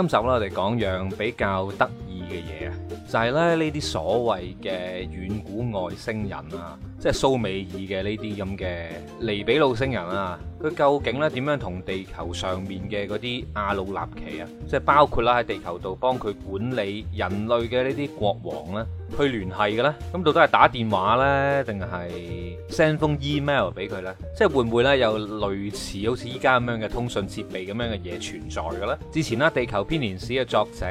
今集咧，我哋講樣比較得意嘅嘢啊，就係咧，呢啲所謂嘅遠古外星人啊，即係蘇美爾嘅呢啲咁嘅尼比魯星人啊，佢究竟咧點樣同地球上面嘅嗰啲阿努納奇啊，即係包括啦，喺地球度幫佢管理人類嘅呢啲國王咧，去聯繫嘅咧，咁到底係打電話呢？定係 send 封 email 俾佢呢？即係會唔會呢？有類似好似依家咁樣嘅通訊設備咁樣嘅嘢存在嘅咧？之前啦，《地球編年史》嘅作者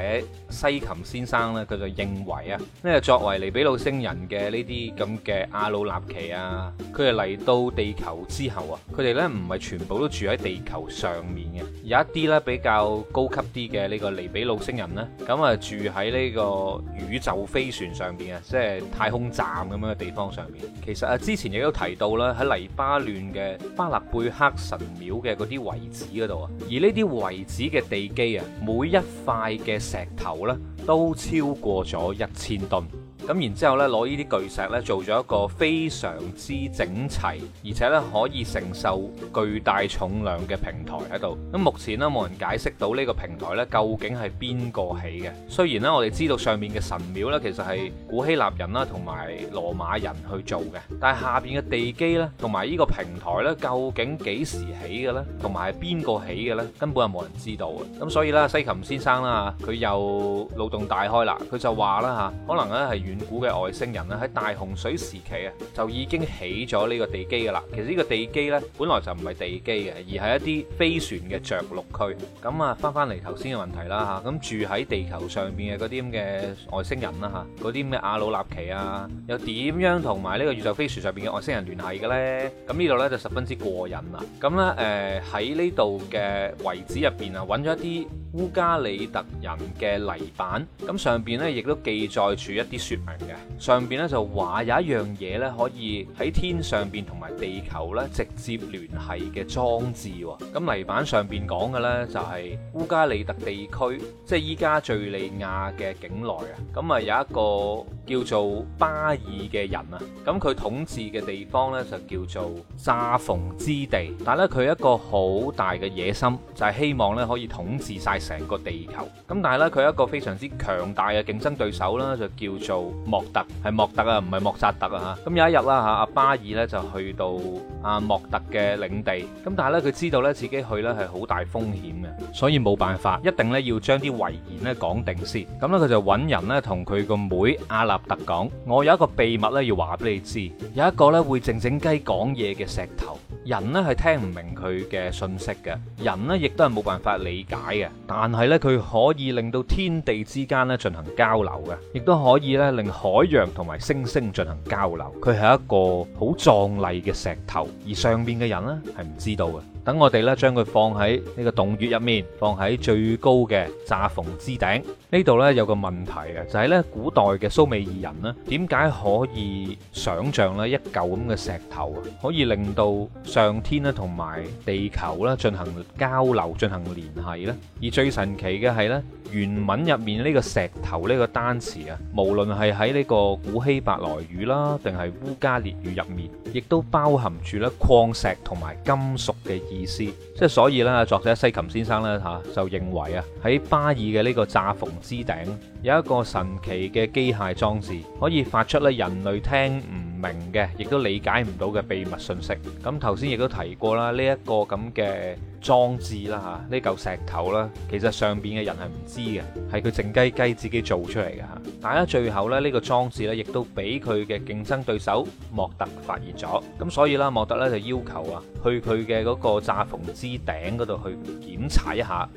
西琴先生呢，佢就認為啊，呢個作為尼比魯星人嘅呢啲咁嘅阿魯納奇啊，佢哋嚟到地球之後啊，佢哋呢唔係全部都住喺地球上面嘅，有一啲呢，比較高級啲嘅呢個尼比魯星人呢，咁啊住喺呢個宇宙飛船上。上邊啊，即係太空站咁樣嘅地方上面，其實啊，之前亦都提到啦，喺黎巴嫩嘅巴勒貝克神廟嘅嗰啲遺址嗰度啊，而呢啲遺址嘅地基啊，每一塊嘅石頭呢都超過咗一千噸。咁然之後咧，攞呢啲巨石咧，做咗一個非常之整齊，而且咧可以承受巨大重量嘅平台喺度。咁目前咧，冇人解釋到呢個平台咧，究竟係邊個起嘅？雖然咧，我哋知道上面嘅神廟咧，其實係古希臘人啦同埋羅馬人去做嘅，但係下邊嘅地基咧，同埋呢個平台咧，究竟幾時起嘅咧？同埋係邊個起嘅咧？根本係冇人知道啊！咁所以咧，西琴先生啦嚇，佢又腦洞大開啦，佢就話啦吓可能咧係遠。古嘅外星人啦，喺大洪水時期啊，就已經起咗呢個地基噶啦。其實呢個地基呢，本來就唔係地基嘅，而係一啲飛船嘅着陸區。咁啊，翻翻嚟頭先嘅問題啦嚇，咁住喺地球上邊嘅嗰啲咁嘅外星人啦嚇，嗰啲咁嘅阿魯納奇啊，又點樣同埋呢個宇宙飛船上邊嘅外星人聯繫嘅咧？咁呢度呢，就十分之過癮喇！咁呢，誒喺呢度嘅遺址入邊啊，揾咗一啲。烏加里特人嘅泥板，咁上邊呢亦都記載住一啲説明嘅，上邊呢就話有一樣嘢呢可以喺天上邊同埋地球呢直接聯繫嘅裝置喎。咁泥板上邊講嘅呢就係烏加里特地區，即係依家敍利亞嘅境內啊。咁啊有一個叫做巴爾嘅人啊，咁佢統治嘅地方呢就叫做乍逢之地，但咧佢一個好大嘅野心就係、是、希望呢可以統治晒。成個地球咁，但係咧佢有一個非常之強大嘅競爭對手啦，就叫做莫特，係莫特啊，唔係莫扎特啊嚇。咁有一日啦嚇，阿巴爾咧就去到阿莫特嘅領地，咁但係咧佢知道咧自己去咧係好大風險嘅，所以冇辦法，一定咧要將啲遺言咧講定先。咁咧佢就揾人咧同佢個妹阿納特講：我有一個秘密咧要話俾你知，有一個咧會靜靜雞講嘢嘅石頭。人呢係聽唔明佢嘅信息嘅，人呢亦都係冇辦法理解嘅。但係呢，佢可以令到天地之間呢進行交流嘅，亦都可以呢令海洋同埋星星進行交流。佢係一個好壯麗嘅石頭，而上面嘅人呢係唔知道嘅。等我哋呢將佢放喺呢個洞穴入面，放喺最高嘅紮縫之頂。呢度呢有個問題啊，就係呢古代嘅蘇美爾人呢點解可以想像呢一嚿咁嘅石頭啊，可以令到上天咧，同埋地球咧，進行交流、進行聯繫咧。而最神奇嘅係咧，原文入面呢個石頭呢個單詞啊，無論係喺呢個古希伯來語啦，定係烏加列語入面，亦都包含住咧礦石同埋金屬嘅意思。即係所以咧，作者西琴先生咧嚇就認為啊，喺巴爾嘅呢個炸縫之頂有一個神奇嘅機械裝置，可以發出咧人類聽唔明嘅，亦都理解唔到嘅秘密信息。咁頭先亦都提過啦，呢一個咁嘅。裝置啦嚇，呢嚿石頭啦，其實上邊嘅人係唔知嘅，係佢靜雞雞自己做出嚟嘅嚇。但係最後咧，呢個裝置呢，亦都俾佢嘅競爭對手莫特發現咗。咁所以呢，莫特呢就要求啊，去佢嘅嗰個炸縫之頂嗰度去檢查一下。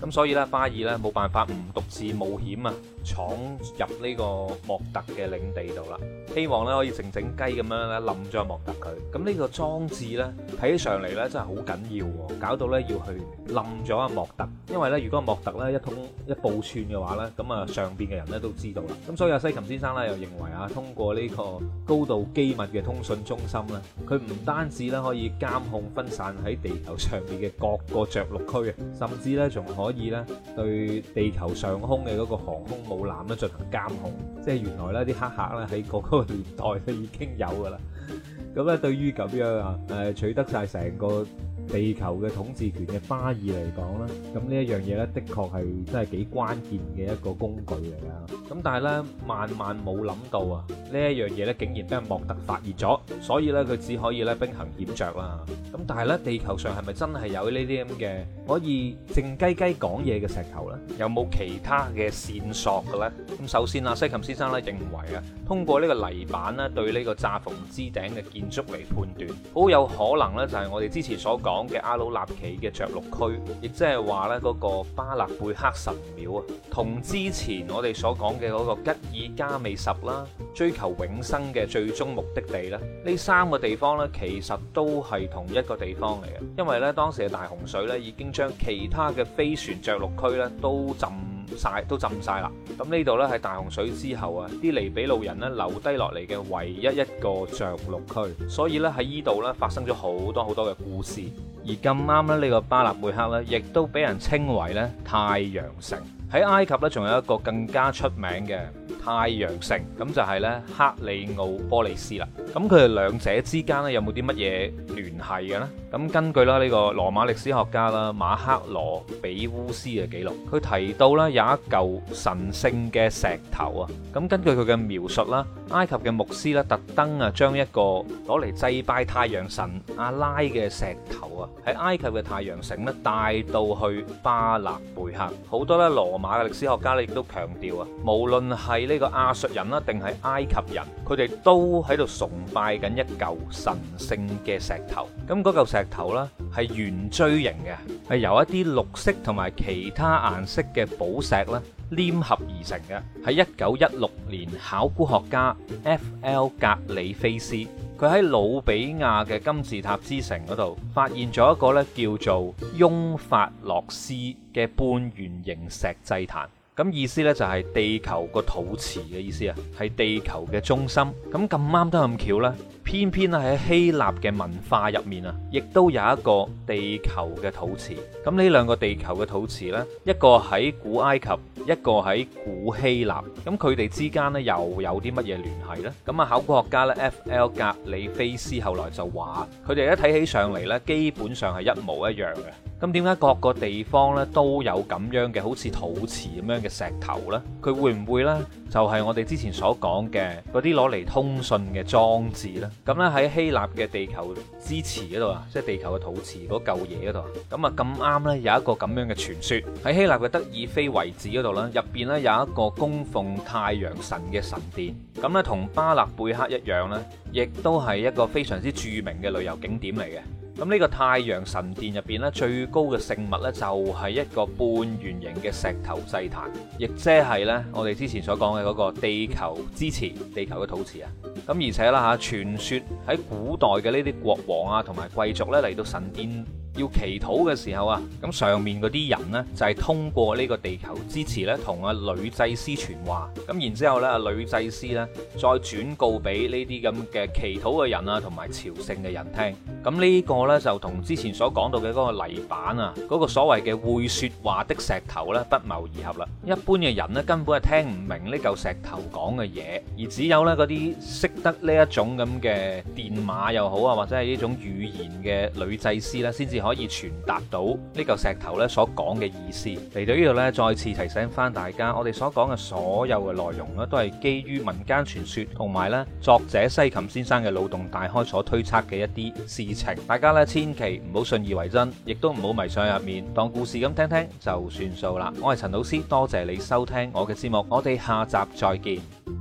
咁所以呢，巴爾呢冇辦法唔獨自冒險啊，闖入呢個莫特嘅領地度啦。希望呢可以靜靜雞咁樣呢，冧咗莫特佢。咁呢個裝置呢，睇起上嚟呢，真係好緊要喎，搞到～咧要去冧咗阿莫特，因為咧如果阿莫特咧一通一報串嘅話咧，咁啊上邊嘅人咧都知道啦。咁所以阿西琴先生咧又認為啊，通過呢個高度機密嘅通訊中心咧，佢唔單止咧可以監控分散喺地球上面嘅各個着陸區啊，甚至咧仲可以咧對地球上空嘅嗰個航空母艦咧進行監控。即係原來咧啲黑客咧喺嗰個年代咧已經有噶啦。咁咧對於咁樣啊，誒取得晒成個。地球嘅統治權嘅巴爾嚟講啦，咁呢一樣嘢咧，的確係真係幾關鍵嘅一個工具嚟啊！咁但係咧，萬萬冇諗到啊，呢一樣嘢咧，竟然俾人莫特發熱咗，所以咧佢只可以咧兵行險著啦。咁但係咧，地球上係咪真係有呢啲咁嘅可以靜雞雞講嘢嘅石頭咧？有冇其他嘅線索嘅咧？咁首先啊，西琴先生咧認為啊，通過呢個泥板咧對呢個乍逢之頂嘅建築嚟判斷，好有可能咧就係我哋之前所講。講嘅阿努納奇嘅着陸區，亦即係話呢嗰個巴勒貝克神廟啊，同之前我哋所講嘅嗰個吉爾加美什啦，追求永生嘅最終目的地呢，呢三個地方呢，其實都係同一個地方嚟嘅。因為呢，當時嘅大洪水呢，已經將其他嘅飛船着陸區呢都浸晒，都浸晒啦。咁呢度呢，係大洪水之後啊，啲尼比魯人呢，留低落嚟嘅唯一一個着陸區，所以呢，喺依度呢，發生咗好多好多嘅故事。而咁啱咧，呢個巴勒貝克咧，亦都俾人稱為咧太陽城。喺埃及咧，仲有一個更加出名嘅太陽城，咁就係咧克里奧波利斯啦。咁佢哋兩者之間咧，有冇啲乜嘢聯繫嘅咧？咁根據啦呢個羅馬歷史學家啦馬克羅比烏斯嘅記錄，佢提到咧有一嚿神聖嘅石頭啊！咁根據佢嘅描述啦，埃及嘅牧師咧特登啊，將一個攞嚟祭拜太陽神阿拉嘅石頭啊，喺埃及嘅太陽城咧帶到去巴勒貝克。好多咧羅馬嘅歷史學家咧亦都強調啊，無論係呢個亞述人啦，定係埃及人，佢哋都喺度崇拜緊一嚿神聖嘅石頭。咁嗰嚿石石頭啦，係圓錐形嘅，係由一啲綠色同埋其他顏色嘅寶石咧黏合而成嘅。喺一九一六年，考古學家 F. L. 格里菲斯，佢喺努比亞嘅金字塔之城嗰度，發現咗一個咧叫做翁法洛斯嘅半圓形石祭壇。咁意思咧就係地球個肚臍嘅意思啊，係地球嘅中心。咁咁啱得咁巧咧，偏偏咧喺希臘嘅文化入面啊，亦都有一個地球嘅肚臍。咁呢兩個地球嘅肚臍咧，一個喺古埃及，一個喺古希臘。咁佢哋之間咧又有啲乜嘢聯繫咧？咁啊，考古學家咧 F.L. 格里菲斯後來就話，佢哋一睇起上嚟咧，基本上係一模一樣嘅。咁點解各個地方咧都有咁樣嘅好似肚臍咁樣嘅石頭呢？佢會唔會呢？就係我哋之前所講嘅嗰啲攞嚟通訊嘅裝置呢？咁咧喺希臘嘅地球之臍嗰度啊，即係地球嘅肚臍嗰嚿嘢嗰度啊，咁啊咁啱呢，有一個咁樣嘅傳說喺希臘嘅德爾菲遺址嗰度啦，入邊呢有一個供奉太陽神嘅神殿，咁呢，同巴勒貝克一樣呢，亦都係一個非常之著名嘅旅遊景點嚟嘅。咁呢個太陽神殿入邊呢，最高嘅聖物呢，就係一個半圓形嘅石頭祭壇，亦即係呢我哋之前所講嘅嗰個地球之臍，地球嘅肚臍啊。咁而且啦嚇，傳說喺古代嘅呢啲國王啊，同埋貴族呢，嚟到神殿要祈禱嘅時候啊，咁上面嗰啲人呢，就係通過呢個地球之臍呢同阿女祭司傳話，咁然之後呢，阿女祭司呢，再轉告俾呢啲咁嘅祈禱嘅人啊，同埋朝聖嘅人聽。咁呢個呢，就同之前所講到嘅嗰個泥板啊，嗰個所謂嘅會說話的石頭呢，不謀而合啦。一般嘅人呢，根本係聽唔明呢嚿石頭講嘅嘢，而只有呢嗰啲識得呢一種咁嘅電話又好啊，或者係呢種語言嘅女祭司咧，先至可以傳達到呢嚿石頭呢所講嘅意思。嚟到呢度呢，再次提醒翻大家，我哋所講嘅所有嘅內容呢，都係基於民間傳說同埋呢作者西琴先生嘅腦洞大開所推測嘅一啲事。大家呢，千祈唔好信以為真，亦都唔好迷上入面，當故事咁聽，聽就算數啦。我係陳老師，多謝你收聽我嘅節目，我哋下集再見。